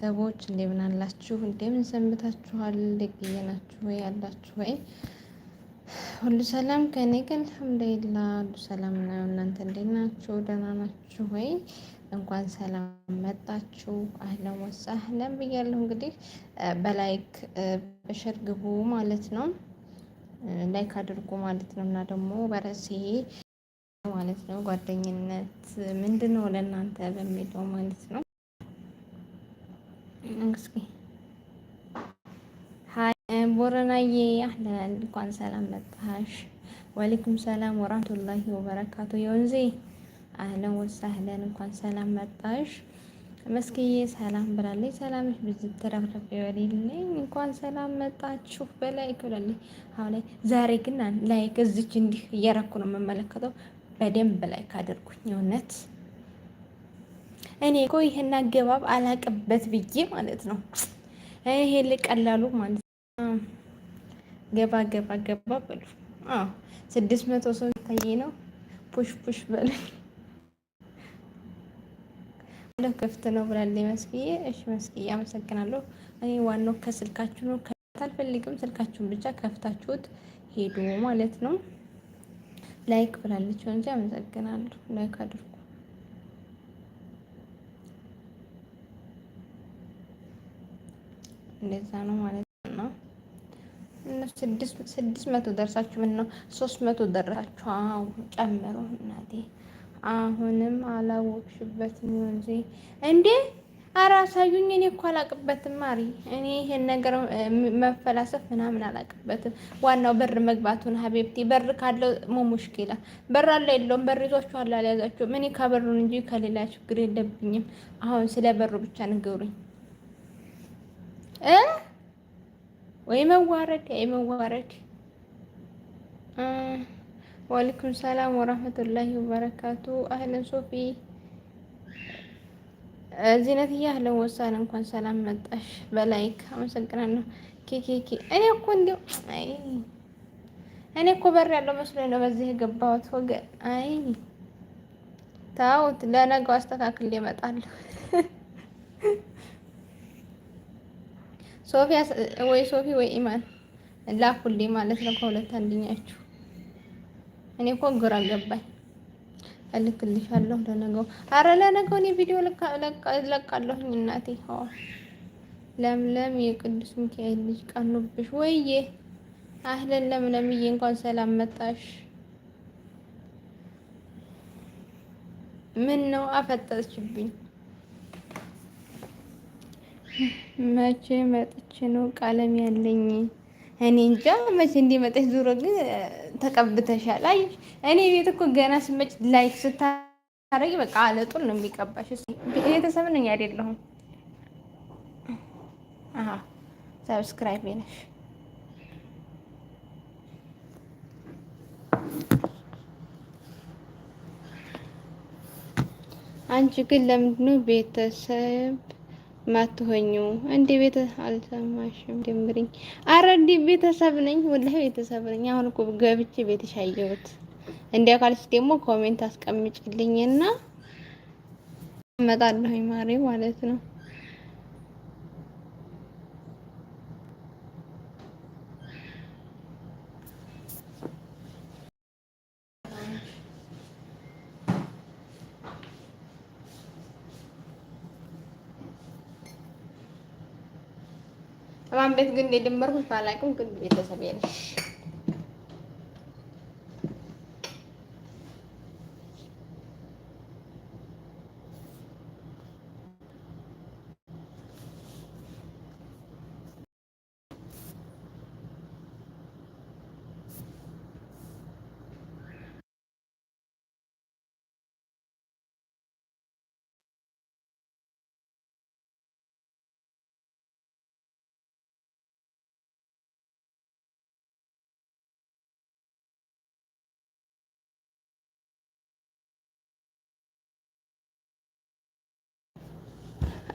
ሰዎች እንደምን አላችሁ? እንደምን ሰንብታችኋል? ደግዬ ናችሁ ወይ አላችሁ ወይ? ሁሉ ሰላም ከእኔ ጋር አልሐምዱሊላህ፣ ሁሉ ሰላም ነው። እናንተ እንዴት ናችሁ? ደህና ናችሁ ወይ? እንኳን ሰላም መጣችሁ። አህለን ወሰህለን ብያለሁ። እንግዲህ በላይክ በሸር ግቡ ማለት ነው። ላይክ አድርጉ ማለት ነው። እና ደግሞ በረሴ ማለት ነው ጓደኝነት ምንድን ነው ለእናንተ በሚለው ማለት ነው እስኪ ቦረናዬ አህለን እንኳን ሰላም መጣሽ። ወአለይኩም ሰላም ወራህመቱላሂ ወበረካቱ። የወንዜ አህለን ወሳህለን እንኳን ሰላም መጣሽ። መስኪዬ ሰላም ብላለች። ሰላምሽ ብዙ ተረፍረፍ ይበልልኝ። እንኳን ሰላም መጣችሁ በላይክ ብላለች። አሁን ላይ ዛሬ ግን ላይክ እዚች እንዲህ እያረኩ ነው የምመለከተው። በደንብ ላይክ አድርጉኝ እውነት እኔ እኮ ይሄን አገባብ አላቅበት ብዬ ማለት ነው። ይሄ ቀላሉ ማለት ገባ ገባ ገባ በሉ። አዎ ስድስት መቶ ሰው ይታየ ነው። ፑሽ ፑሽ በሉ። ሁለት ክፍት ነው ብላለች መስክዬ። እሺ መስክዬ አመሰግናለሁ። እኔ ዋናው ከስልካችሁ ነው አልፈልግም። ስልካችሁን ብቻ ከፍታችሁት ሄዱ ማለት ነው። ላይክ ብላለች እንጂ አመሰግናለሁ። ላይክ አድርጉ። እንደዛ ነው ማለት ነው። ስድስት መቶ ደርሳችሁ ምን ነው ሶስት መቶ ደረሳችሁ። አዎ ጨምሮ እናቴ አሁንም አላወቅሽበትም ወንዜ እንዴ ኧረ አሳዩኝ። እኔ እኮ አላቅበትም ማሪ። እኔ ይሄን ነገር መፈላሰፍ ምናምን አላቅበትም። ዋናው በር መግባቱን ሀቢብቲ በር ካለው ሞ ሙሽኪላ በር አለ የለውም በር ይዟችኋል አልያዛችሁም። እኔ ከበሩን እንጂ ከሌላ ችግር የለብኝም። አሁን ስለ በሩ ብቻ ንገሩኝ። እ ወይ መዋረድ ወይ መዋረድ። ወአለይኩም ሰላም ወራህመቱላሂ ወበረካቱ። አህለን ሶፊ ዚነትዬ፣ አህለን ወሳን፣ እንኳን ሰላም መጣሽ። በላይክ አመሰግናለሁ። ኬኬኬ እኔ እኮ እንደው እኔ እኮ በር ያለው መስሎኝ ነው በዚህ የገባሁት ወገን። አይ ታውት ለነገው አስተካክል እመጣለሁ። ሶፊ ወይ ሶፊ ወይ ኢማን ላኩልኝ ማለት ነው። ከሁለት አንድኛችሁ እኔ እኮ ግራ ገባኝ። እልክልሻለሁ ለነገው። አረ ለነገው እኔ ቪዲዮ ለቃለሁኝ እናቴ። ለምለም የቅዱስ ሚካኤል ልጅ ቀኑብሽ። ወይዬ አህለን ለምለምዬ፣ እንኳን ሰላም መጣሽ። ምን ነው አፈጠችብኝ? መቼ መጥቼ ነው ቃለም ያለኝ? እኔ እንጃ መቼ እንዲመጣች። ዞሮ ግን ተቀብተሻል። አይ እኔ ቤት እኮ ገና ስመጭ ላይክ ስታረጊ በቃ አለጡን ነው የሚቀባሽ። ቤተሰብ ነኝ አይደለሁም። ሰብስክራይብ ነሽ። አንቺ ግን ለምንድነው ቤተሰብ ማትሆኙ እንደ ቤተ አልሰማሽም ድምብሪኝ አረ እንደ ቤተሰብ ነኝ ወላሂ ቤተሰብ ነኝ። አሁን እኮ ገብቼ ቤትሽ አየሁት። እንዲያ ካልሽ ደግሞ ኮሜንት አስቀምጭልኝና እመጣለሁኝ ማሬ ማለት ነው። እንዴት ግን እንደጀመርኩት ባላውቅም ግን ቤተሰብ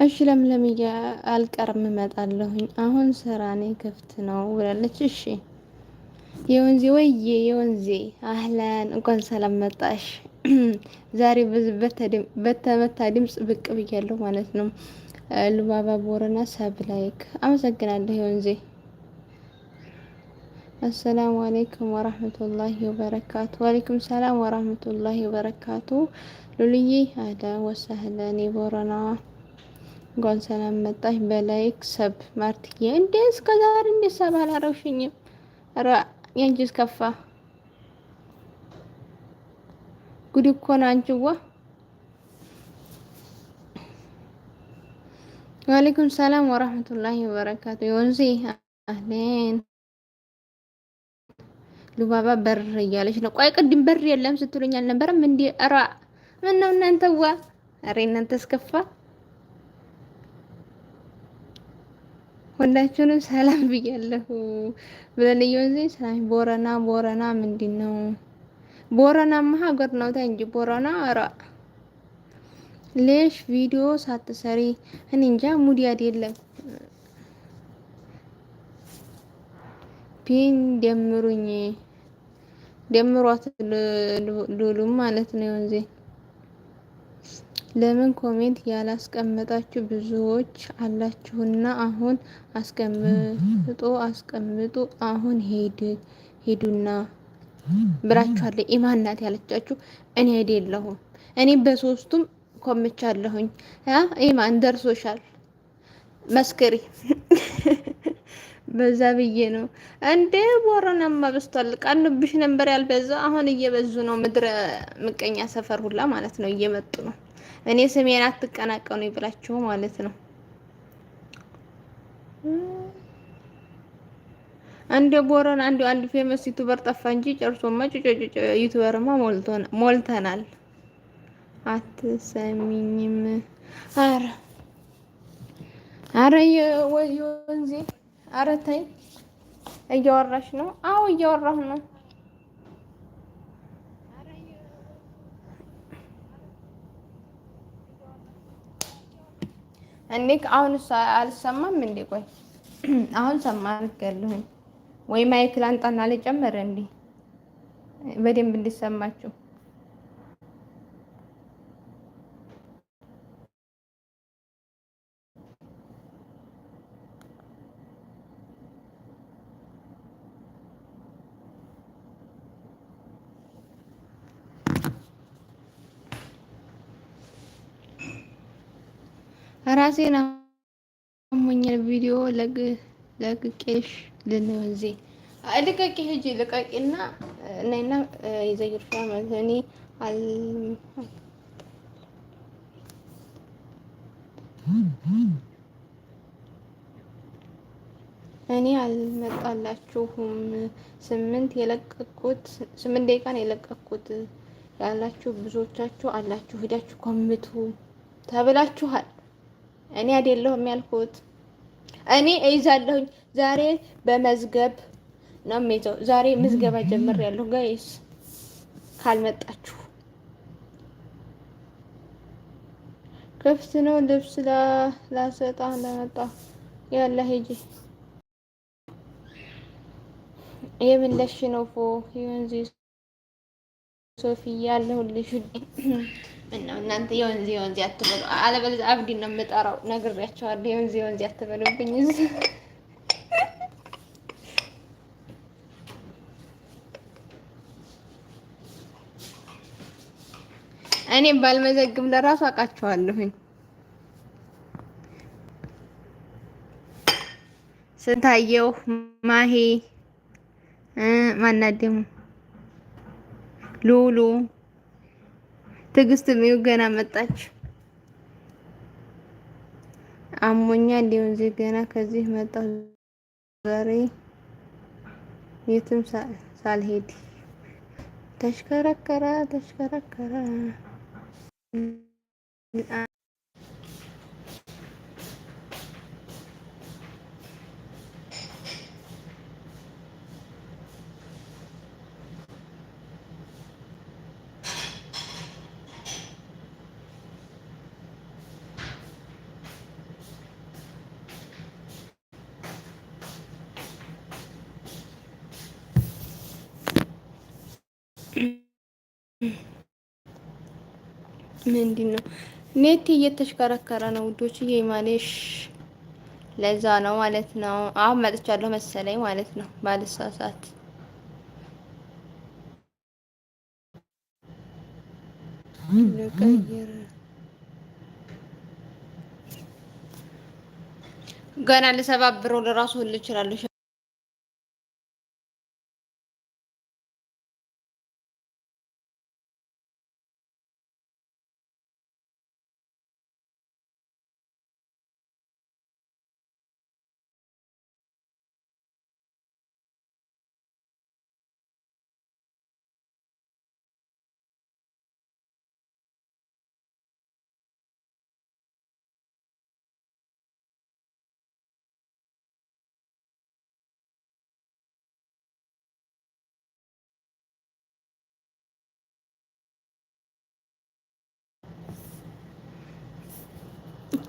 እሺ ለምለምዬ አልቀርም እመጣለሁኝ፣ አሁን ስራ እኔ ክፍት ነው ብላለች። እሺ የወንዜ ወይዬ የወንዜ አህለን እንኳን ሰላም መጣሽ። ዛሬ በተመታ ድምፅ ብቅ ብያለሁ ማለት ነው። ልባባ ቦረና ሰብ ላይክ አመሰግናለሁ የወንዜ። አሰላሙ አሌይኩም ወራህመቱላሂ ወበረካቱ። ወአሌይኩም ሰላም ወራህመቱላሂ ወበረካቱ። ሉልዬ አለ ወሳህለን የቦረና Gon salam batah balaik sab mar tighe ndeska dala rende sabala rofinyo araa yandis kafa gudikon an cewah ngalikun salam worah matur lahi warakatuyonzi aha lubaba berri gali shina kwayi ka dimberriye lam suturinyal na beramendi araa manau arin nantis kafa. ሁላችሁንም ሰላም ብያለሁ። ብለንየው እዚህ ሰላም ቦረና ቦረና ምንድን ነው? ቦረናማ ሀገር ነው እንጂ ቦረና አራ ሌሽ ቪዲዮ ሳትሰሪ እኔ እንጃ ሙዲ አይደለም። ፒን ደምሩኝ ደምሯት ሉሉም ማለት ነው እንጂ ለምን ኮሜንት ያላስቀመጣችሁ ብዙዎች አላችሁና፣ አሁን አስቀምጡ አስቀምጡ አሁን ሄድ ሄዱና ብላችኋለሁ። ኢማን ናት ያለቻችሁ እኔ አይደለሁም። እኔ በሶስቱም ኮምቻለሁኝ። ኢማን ደርሶሻል መስክሪ በዛ ብዬ ነው እንዴ? ቦረናማ በዝቷል። ቃሉብሽ ነበር ያልበዛ። አሁን እየበዙ ነው። ምድረ ምቀኛ ሰፈር ሁላ ማለት ነው እየመጡ ነው። እኔ ስሜን አትቀናቀኑ ይብላችሁ ማለት ነው። አንድ ቦረን አንድ አንድ ፌመስ ዩቲዩበር ጠፋ እንጂ ጨርሶ ጭጭጭ ዩቲዩበርማ ሞልተናል። አትሰሚኝም? አረ አረ የወንዜ አረ ተይ፣ እያወራሽ ነው። አዎ እያወራሁ ነው። እኔ አሁን አልሰማም እንዴ? ቆይ አሁን ሰማ አልከለሁኝ ወይ ማይክል አንጣና ልጨመረ እንዴ? በደንብ እንዲሰማችሁ ራሴን አሞኛል ቪዲዮ ለግ ለቅቄሽ ልንዜ ልቀቂ ሂጂ ልቀቂና እናይና የዘይርሻ ማለት እኔ እኔ አልመጣላችሁም። ስምንት የለቀቁት ስምንት ደቂቃ ነው የለቀቁት ያላችሁ ብዙዎቻችሁ አላችሁ። ሂዳችሁ ከምቱ ተብላችኋል። እኔ አይደለሁም ያልኩት። እኔ እይዛለሁኝ። ዛሬ በመዝገብ ነው የሚይዘው። ዛሬ ምዝገባ ጀምሬያለሁ ጋይስ ካልመጣችሁ ክፍት ነው። ልብስ ላሰጣ ለመጣ ያለ ሂጂ የምለሽ ነው ፎ ይሁን ዚ ሶፊ ያለሁልሽ ምነው እናንተ የወንዚ የወንዚ አትበሉ፣ አለበለዚያ አብዲ ነው የምጠራው። ነግሬያቸዋለሁ። የወንዚ የወንዚ አትበሉብኝ እዚህ እኔ ባልመዘግብ ለራሱ አውቃቸዋለሁኝ። ስንታየው ማሄ ማናት ደግሞ ሉሉ ትዕግስት ሚው ገና መጣች። አሞኛ እንዲሁም እዚህ ገና ከዚህ መጣሁ ዛሬ የትም ሳልሄድ ተሽከረከረ ተሽከረከረ ምንድን ነው ኔት እየተሽከረከረ ነው ውዶች፣ ይሄ ማለሽ ለዛ ነው ማለት ነው። አሁን መጥቻለሁ መሰለኝ ማለት ነው ባልሳሳት። ገና ልሰባብረው ለራሱ ሁሉ ይችላል።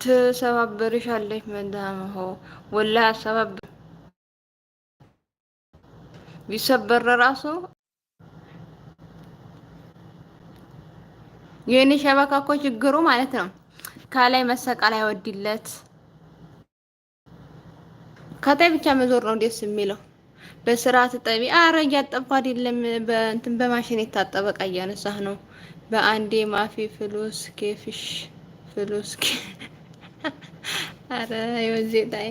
ትሰባበርሻለች መዳም ሆ ወላ አሰባበር ቢሰበር ራሱ የኔ ሸበካ እኮ ችግሩ ማለት ነው ከላይ መሰቀል አይወድለት ከታይ ብቻ መዞር ነው ደስ የሚለው። በስርዓት ጠቢ አረ እያጠብኩ አይደለም በእንትን በማሽን የታጠበቃ እያነሳህ ነው በአንዴ ማፊ ፍሉስ ኬፍሽ ፍሉስ አረ የወዜ ጣይ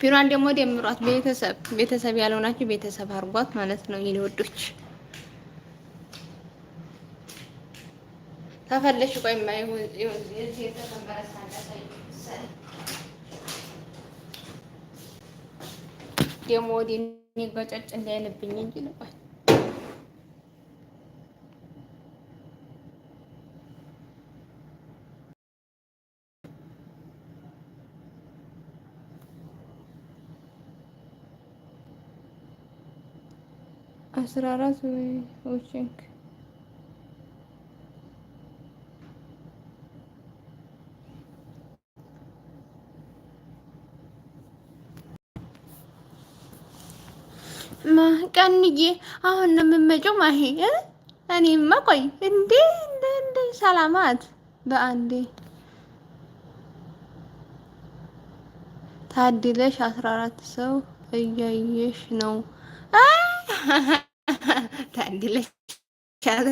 ቢሯን ደግሞ ደምሯት። ቤተሰብ ቤተሰብ ያለው ናቸው። ቤተሰብ አርጓት ማለት ነው። የኔ ወዶች ተፈለሽ ቆይ ማይ ደግሞ ወደ እኔ ገጨጭ እንዳይልብኝ እንጂ አስራ አራት ዎችንግ ቀንዬ አሁን ነው የምመጪው ማሂ? እኔማ ቆይ እንዴ እንደ እንደ ሰላማት በአንዴ ታድለሽ አስራ አራት ሰው እያየሽ ነው። ታድለሻል።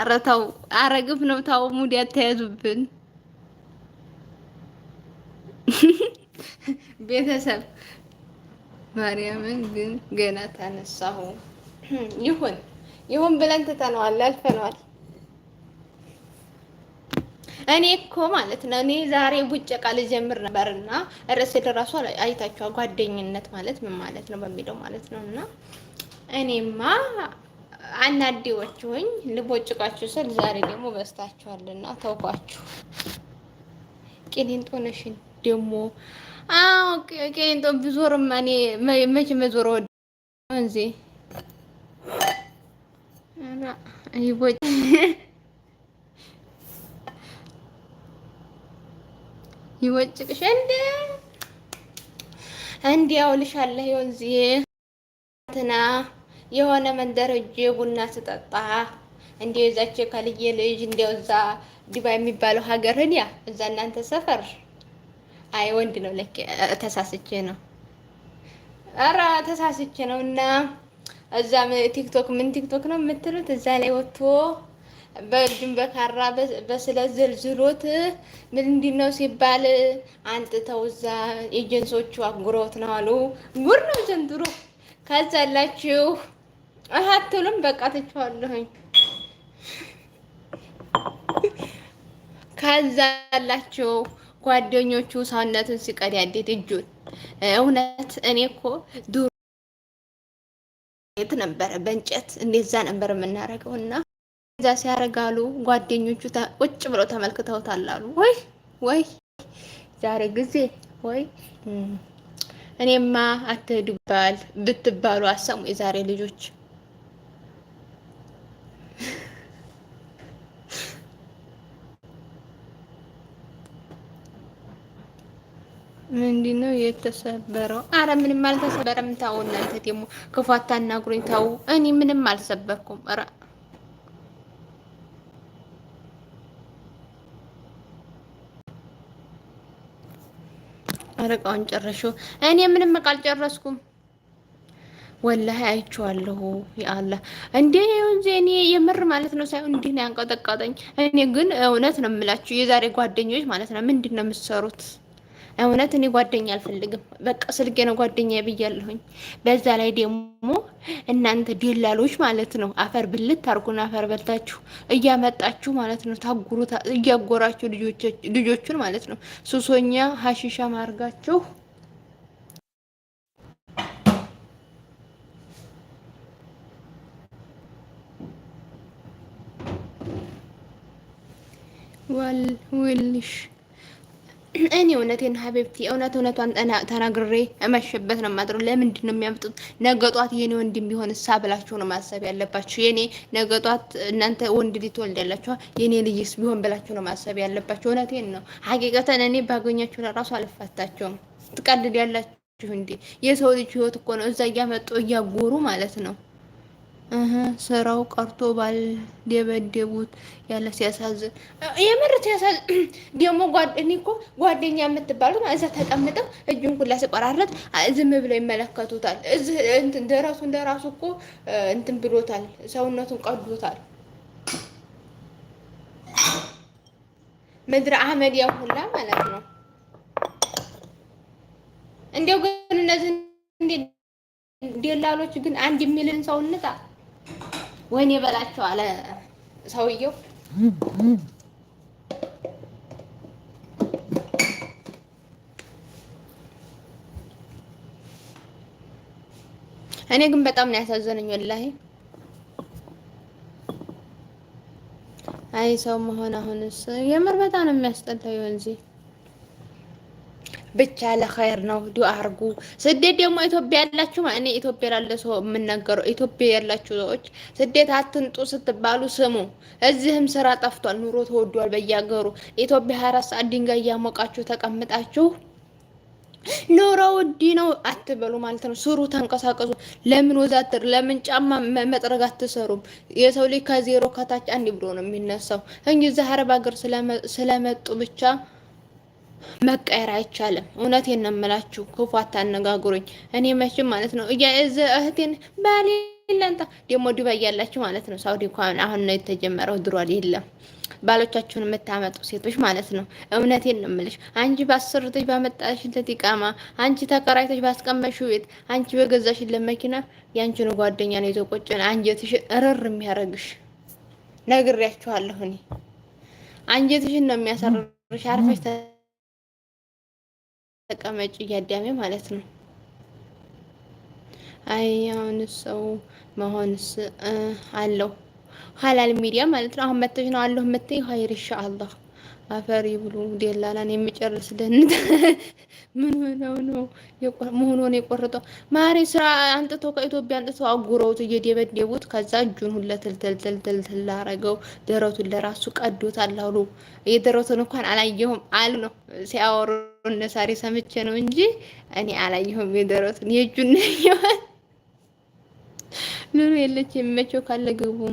ኧረ ተው፣ ኧረ ግፍ ነው። ተው ሙድ ያተያዙብን ቤተሰብ ማርያምን ግን ገና ታነሳሁ። ይሁን ይሁን ብለን ትተነዋል፣ አልፈነዋል። እኔ እኮ ማለት ነው እኔ ዛሬ ቡጨቃ ልጀምር ነበርና ርዕስ ደራሱ አይታችኋል። ጓደኝነት ማለት ምን ማለት ነው በሚለው ማለት ነው እና እኔማ አናዴዎች ሆኝ ልቦጭቃችሁ ስል ዛሬ ደግሞ በስታችኋልና ተውኳችሁ። ቄኔንጦነሽን ደግሞ አዎ ቄኔንጦ ቢዞርማ እኔ መቼ መዞር ወደ እንዚ ይቦጭ ይወጭቅሽ እንደ እንዲያውልሻለሁ ይወንዚ ትና የሆነ መንደር እጄ ቡና ስጠጣ እንዲው የዛች ከልዬ ልጅ እንዲያው እዛ ዱባይ የሚባለው ሀገር ህንያ እዛ እናንተ ሰፈር አይ ወንድ ነው ለኬ ተሳስቼ ነው። ኧረ ተሳስቼ ነው። እና እዛ ቲክቶክ ምን ቲክቶክ ነው የምትሉት እዛ ላይ ወጥቶ በእጁም በካራ በስለ ዘልዝሎት ምንድን ነው ሲባል አንጥተው እዛ ኤጀንሶቹ አጉረውት ነው አሉ። ጉር ነው ዘንድሮ። ከዛላችሁ አትሉም። በቃ ትችዋለሁኝ። ከዛላችሁ ጓደኞቹ ሰውነቱን ያዴት እጁን እውነት እኔ እኮ ዱሮ የት ነበረ በእንጨት እንደዛ ነበር የምናደርገው እና እዛ ሲያረጋሉ ጓደኞቹ ቁጭ ብለው ተመልክተውታል አሉ። ወይ ወይ ዛሬ ጊዜ ወይ እኔማ አትሄዱ ብትባሉ አሰሙ። የዛሬ ልጆች ምንድን ነው የተሰበረው? አረ ምንም አልተሰበረም። ታው እናንተ ደግሞ ክፉ አታናግሩኝ። ታው እኔ ምንም አልሰበርኩም። አረቃውን ጨረሹ? እኔ ምንም እቃ አልጨረስኩም። ወላሂ አይቼዋለሁ። ያአላህ እንዴ ይሁን እኔ የምር ማለት ነው ሳይሆን እንዲህ ነው ያንቀጠቀጠኝ። እኔ ግን እውነት ነው የምላችሁ የዛሬ ጓደኞች ማለት ነው ምንድን ነው የምትሰሩት? እውነት እኔ ጓደኛ አልፈልግም። በቃ ስልጌ ነው ጓደኛ ብያለሁኝ። በዛ ላይ ደግሞ እናንተ ደላሎች ማለት ነው አፈር ብልት አርጉን አፈር በልታችሁ እያመጣችሁ ማለት ነው ታጉሩ እያጎራችሁ ልጆቹን ማለት ነው ሱሶኛ ሀሺሻ ማርጋችሁ ወል ውልሽ እኔ እውነቴን ሀቢብቲ እውነት እውነቷን ተናግሬ መሸበት ነው የማድረው። ለምንድን ነው የሚያምጡት? ነገ ጧት የኔ ወንድም ቢሆን እሳ ብላችሁ ነው ማሰብ ያለባችሁ። የኔ ነገ ጧት እናንተ ወንድ ልጅ የኔ ልይስ ቢሆን ብላችሁ ነው ማሰብ ያለባችሁ። እውነቴን ነው። ሀቂቀተን እኔ ባገኛችሁ ለራሱ አልፋታቸውም። ትቀልድ ያላችሁ እንዴ? የሰው ልጅ ህይወት እኮ ነው እዛ እያመጡ እያጎሩ ማለት ነው ስራው ቀርቶ ባል ደበደቡት። ያለ ሲያሳዝን የምር ሲያሳዝን። ደግሞ እኔ እኮ ጓደኛ የምትባሉት እዛ ተቀምጠው እጁን ኩላ ሲቆራረጥ ዝም ብለው ይመለከቱታል። ደረሱ እንደራሱ እኮ እንትን ብሎታል፣ ሰውነቱን ቀዶታል። ምድረ አህመድ ያው ሁላ ማለት ነው። እንዲያው ግን እነዚህ ደላሎች ግን አንድ የሚልን ሰውነት ወይኔ በላቸው አለ ሰውየው። እኔ ግን በጣም ነው ያሳዘነኝ ወላሂ። አይ ሰው መሆን አሁንስ የምር በጣም ነው የሚያስጠላው ይሆን እዚህ ብቻ ለኸይር ነው። ዱ አርጉ። ስደት ደግሞ ኢትዮጵያ ያላችሁ እኔ ኢትዮጵያ ላለ ሰው የምናገረው ኢትዮጵያ ያላችሁ ሰዎች ስደት አትንጡ ስትባሉ ስሙ። እዚህም ስራ ጠፍቷል፣ ኑሮ ተወዷል በያገሩ ኢትዮጵያ ሀያ አራት ሰዓት ድንጋይ እያሞቃችሁ ተቀምጣችሁ ኑሮ ውድ ነው አትበሉ ማለት ነው። ስሩ፣ ተንቀሳቀሱ። ለምን ወዛትር ለምን ጫማ መጥረግ አትሰሩም? የሰው ልጅ ከዜሮ ከታች አንድ ብሎ ነው የሚነሳው እንጂ እዚህ አረብ ሀገር ስለመጡ ብቻ መቀየር አይቻልም። እውነቴን ነው የምላችሁ። ክፉ አታነጋግሩኝ። እኔ መቼም ማለት ነው እያዝ እህቴን ባሌ ለንታ ደግሞ ዱባይ ያላችሁ ማለት ነው ሳውዲ እንኳን አሁን ነው የተጀመረው፣ ድሯል የለም። ባሎቻችሁን የምታመጡ ሴቶች ማለት ነው እውነቴን ነው የምልሽ። አንቺ ባሰርተሽ ባመጣሽለት ይቃማ፣ አንቺ ተከራይተሽ ባስቀመሽው ቤት፣ አንቺ በገዛሽለት መኪና የአንቺን ጓደኛ ነው ይዞ ቁጭን አንጀትሽ እርር የሚያረግሽ ነግሬያችኋለሁ። እኔ አንጀትሽን ነው የሚያሰርሽ። አርፈሽ ተቀመጭ እያዳሜ ማለት ነው። አይ አሁን ሰው መሆንስ አለው ሀላል ሚዲያ ማለት ነው። አሁን መተሽ ነው አለሁ መተይ ኸይር ኢንሻአላህ አፈሪ ብሎ ደላላን የሚጨርስልን ምን ሆነው ነው መሆኑን የቆረጠው ማሪ ስራ አንጥቶ ከኢትዮጵያ አንጥቶ አጉረውት እየደበደቡት ከዛ እጁን ሁለ ትልትልትልትል ላረገው ደረቱን ለራሱ ቀዶታል አሉ። የደረቱን እንኳን አላየሁም አሉ ነው ሲያወሩ እነሳሪ ሰምቼ ነው እንጂ እኔ አላየሁም። የደረቱን የእጁን ነው ምኑ የለች የሚመቸው ካለ ግቡም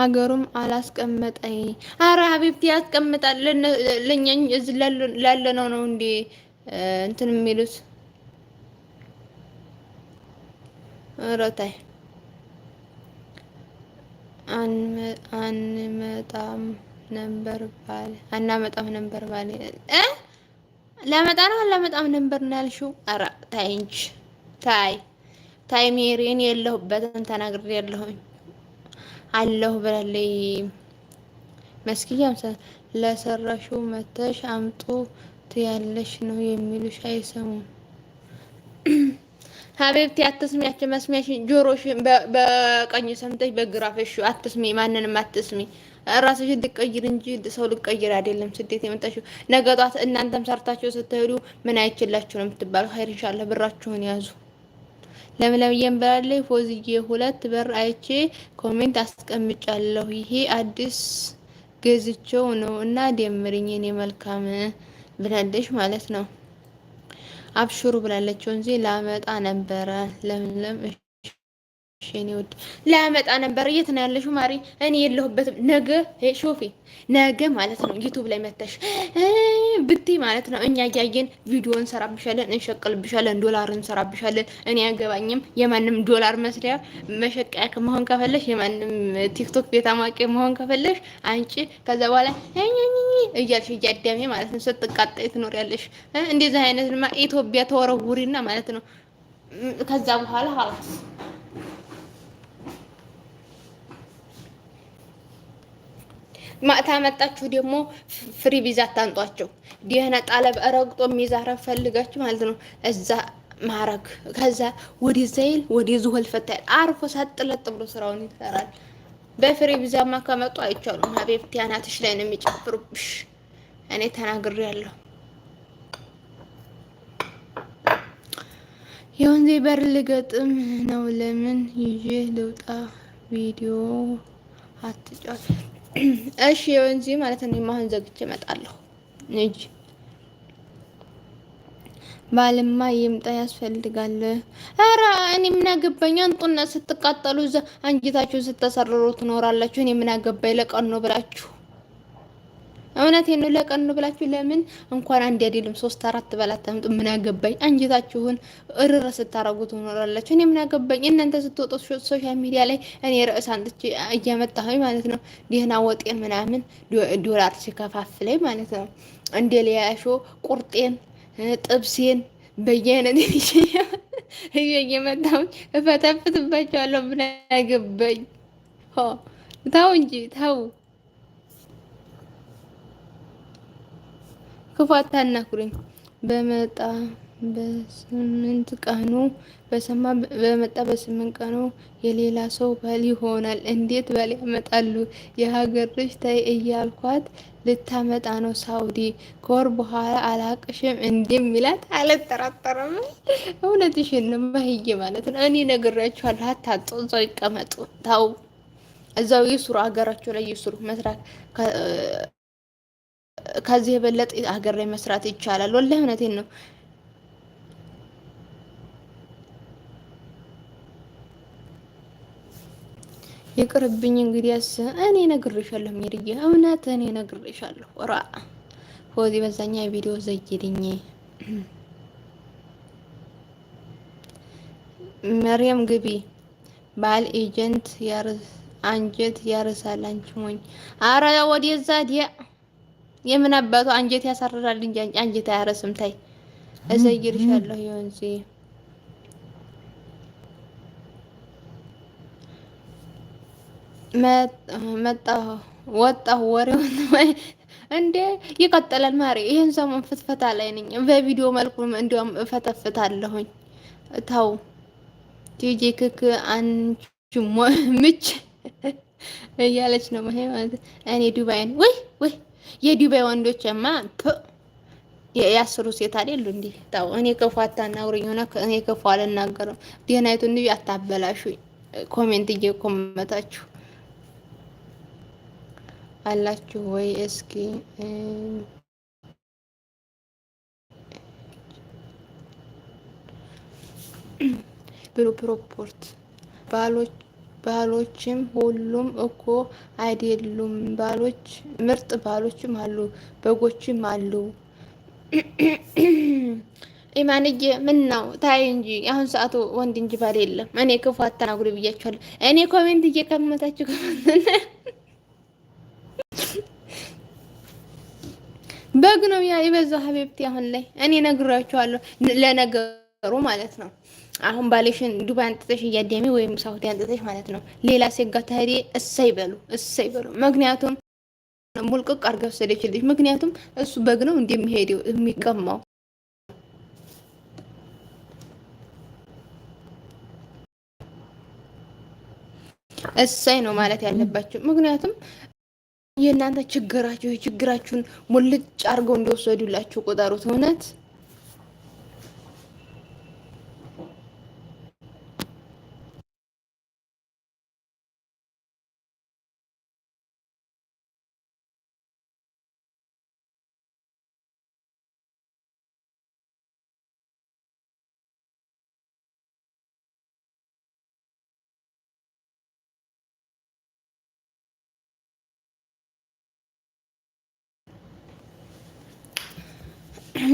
ሀገሩም አላስቀመጠኝ። አረ ሀቢብቲ ያስቀምጣል። ለእኛ እዚ ላለ ነው እንዴ እንትን የሚሉት ረታይ አንመጣም ነበር ባለ አናመጣም ነበር ባለ እ ላመጣ ነው አላመጣም ነበር ነው ያልሽው። ኧረ ታይ እንጂ ታይ ታይ ሜሪን የለሁበትን ተናግሬ ያለሁኝ አለሁ ብላለች። መስኪያ ለሰራሹ መተሽ አምጡ ትያለሽ ነው የሚሉሽ አይሰሙም። ሀቢብቲ አትስሚያቸው። መስሚያሽ ጆሮሽ በቀኝ ሰምተሽ በግራፈሽ አትስሚ፣ ማንንም አትስሚ። ራስሽ ልቀይር እንጂ ሰው ልቀይር አይደለም። ስደት የመጣሽው ነገ እናንተም ሰርታችሁ ስትሄዱ ምን አይችላችሁ ነው የምትባሉ። ኸይር ኢንሻአላህ ብራችሁን ያዙ። ለምለምዬም ብላለች ፎዝዬ ሁለት በር አይቼ ኮሜንት አስቀምጫለሁ። ይሄ አዲስ ገዝቼው ነው እና ደምርኝ እኔ መልካም ብላለች ማለት ነው። አብሽሩ ብላለችው ወንዜ ላመጣ ነበረ ለምለም ሽኔ ውድ ላመጣ ነበር። የት ነው ያለሽው ማሪ? እኔ የለሁበትም። ነገ ሾፌ ነገ ማለት ነው ዩቱብ ላይ መተሽ ብቲ ማለት ነው እኛ እያየን ቪዲዮ እንሰራብሻለን፣ እንሸቅልብሻለን፣ ዶላር እንሰራብሻለን። እኔ አገባኝም። የማንም ዶላር መስሪያ መሸቀያ መሆን ከፈለሽ፣ የማንም ቲክቶክ ቤት መሆን ከፈለሽ አንቺ ከዛ በኋላ እያልሽ እያዳሜ ማለት ነው ስትቃጣይ ትኖሪያለሽ። እንደዚህ አይነት ኢትዮጵያ ተወረውሪና ማለት ነው ከዛ በኋላ ሀላስ መጣችሁ ደግሞ ፍሪ ቪዛ አታንጧቸው። ዲህነ ጣለብ ረግጦ የሚዛረብ ፈልጋችሁ ማለት ነው እዛ ማረግ ከዛ ወደ ዘይል ወደ ዝሆል ፈታይል አርፎ ሳጥለጥ ብሎ ስራውን ይሰራል። በፍሬ ቢዛማ ከመጡ አይቻሉም። ሀቤብቲ አናትሽ ላይ ነው የሚጨፍሩብሽ። እኔ ተናግሬ ያለሁ የወንዜ በር ልገጥም ነው። ለምን ይዤ ልውጣ? ቪዲዮ አትጫወት እሺ እንጂ ማለት እኔማ አሁን ዘግቼ እመጣለሁ። እንጂ ባልማ ይምጣ ያስፈልጋል። ኧረ እኔ ምን አገባኝ? አንጡና ስትቃጠሉ አንጀታችሁን ስተሰርሩ ትኖራላችሁ። እኔ ምን አገባኝ? ለቀን ነው ብላችሁ እውነት ነው። ለቀኑ ብላችሁ ለምን እንኳን አንድ አይደለም ሶስት አራት በላት ተምጡ። ምን አገባኝ? አንጀታችሁን እርረ ስታረጉ ትኖራላችሁ። እኔ ምን አገባኝ? እናንተ ስትወጡ ሶሻል ሚዲያ ላይ እኔ ርዕስ አንጥቼ እያመጣሁኝ ማለት ነው። ደህና ወጤን ምናምን ዶላር ሲከፋፍለኝ ማለት ነው። እንደ ሊያሾ ቁርጤን፣ ጥብሴን በየአይነት እየመጣሁኝ እፈተፍትባቸዋለሁ። ምን አገባኝ? ተው እንጂ ተው። ክፉ አታናኩሪኝ። በመጣ በስምንት ቀኑ በሰማ በመጣ በስምንት ቀኑ የሌላ ሰው ባል ይሆናል። እንዴት ባል ያመጣሉ? የሀገር ልጅ ተይ እያልኳት ልታመጣ ነው ሳውዲ። ከወር በኋላ አላቅሽም እንደሚላት አልጠራጠርም። እውነትሽን ማህዬ ማለት ነው። እኔ ነግራችኋለሁ። አታጡ፣ እዛው ይቀመጡ። ታው እዛው ይስሩ፣ ሀገራቸው ላይ ይስሩ መስራት ከዚህ የበለጠ ሀገር ላይ መስራት ይቻላል። ወላሂ እውነቴን ነው። ይቅርብኝ እንግዲያስ፣ እኔ ነግሬሻለሁ ሜሪዬ፣ እውነት እኔ ነግሬሻለሁ። ራ ሆዚ በዛኛ ቪዲዮ ዘይድኝ መርያም ግቢ ባል ኤጀንት ያርስ አንጀት ያርሳል። አንቺ ሞኝ አረ ወደዛ ዲያ የምን አባቱ አንጀት ያሳርራል እንጂ አንጀት አያረስም። ታይ እዘይርሻለሁ ይወንዚ መጣ ወጣሁ። ወሬውን እንዴ ይቀጥላል። ማሪ ይሄን ሰሞን ፍትፈታ ላይ ነኝ። በቪዲዮ መልኩ እንዲያውም እፈተፍታለሁኝ። ተው ጂጂ ክክ አንቺ ምች እያለች ነው። ማለት እኔ ዱባይን ወይ ወይ የዱባይ ወንዶችማ ያስሩ ሴት አይደሉ እንዴ? ታው እኔ ክፉ አታናግሩኝ፣ ሆነ እኔ ክፉ አልናገርም። ዲናይቱ እንዴ አታበላሹኝ። ኮሜንት እየኮመታችሁ አላችሁ ወይ? እስኪ ብሩ ፕሮፖርት ባሎች ባሎችም ሁሉም እኮ አይደሉም። ባሎች ምርጥ ባሎችም አሉ፣ በጎችም አሉ። ኢማንዬ ምን ነው ታይ እንጂ አሁን ሰዓቱ ወንድ እንጂ ባል የለም። እኔ ክፉ አታናግሪ ብያችኋለሁ። እኔ ኮሜንት እየቀመጣችሁ በግ ነው ያ የበዛው ሀቢብቲ አሁን ላይ እኔ ነግራችኋለሁ ለነገ ሩ ማለት ነው። አሁን ባሌሽን ዱባይ አንጥተሽ እያደሚ ወይም ሳውዲ አንጥተሽ ማለት ነው ሌላ ሴት ጋር ተሄዴ እሰይ በሉ እሰይ በሉ። ምክንያቱም ሙልቅቅ አርጋ ወሰደችልሽ። ምክንያቱም እሱ በግ ነው እንዲ የሚቀማው እሰይ ነው ማለት ያለባቸው። ምክንያቱም የእናንተ ችግራችሁ ችግራችሁን ሙልጭ አርገው እንደወሰዱላችሁ ቁጠሩት እውነት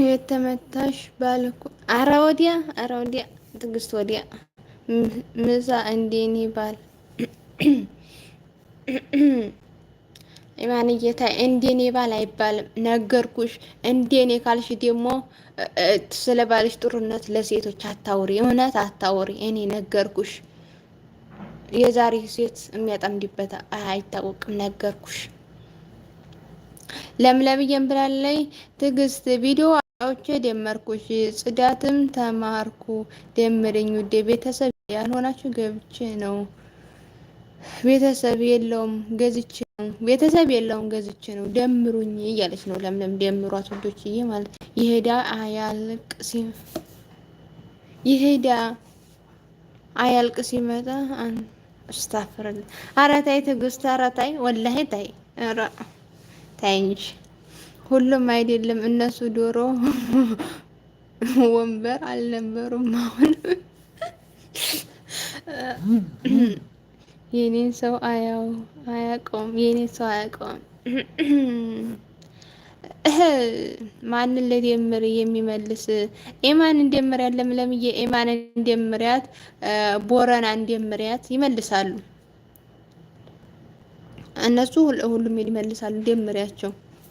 የተመታሽ ባል አረ ወዲያ አረ ወዲያ ትዕግስት ወዲያ ምሳ እንዴኒ ባል ኢማን ጌታ እንዴኔ ባል አይባልም። ነገርኩሽ። እንዴኔ ካልሽ ደግሞ ስለ ባልሽ ጥሩነት ለሴቶች አታውሪ፣ እውነት አታውሪ። እኔ ነገርኩሽ። የዛሬ ሴት የሚያጠምድበት አይታወቅም። ነገርኩሽ። ለምለም ለምለምዬም ላይ ትግስት ቪዲዮ አውቼ ደመርኩሽ፣ ጽዳትም ተማርኩ፣ ደምረኝ ውዴ። ቤተሰብ ያልሆናችሁ ገብቼ ነው ቤተሰብ የለውም ገዝቼ ነው ቤተሰብ የለውም ገዝቼ ነው ደምሩኝ እያለች ነው ለምለም። ደምሯት ውዶች እዬ ማለት ይሄዳ አያልቅ ሲ ይሄዳ አያልቅ ሲመጣ አስታፍረል። ኧረ ታይ ትዕግስት፣ ወላሄ ታይ ወላሂ ታይንሽ ሁሉም አይደለም። እነሱ ዶሮ ወንበር አልነበሩም። አሁን የኔን ሰው አያው አያውቀውም። የኔን ሰው አያውቀውም። ማንን ልደምር የሚመልስ ኤማን እንደምሪያት ለምለምዬ ኤማን እንደምሪያት ቦረና እንደምሪያት ይመልሳሉ። እነሱ ሁሉም ይመልሳሉ። ደምሪያቸው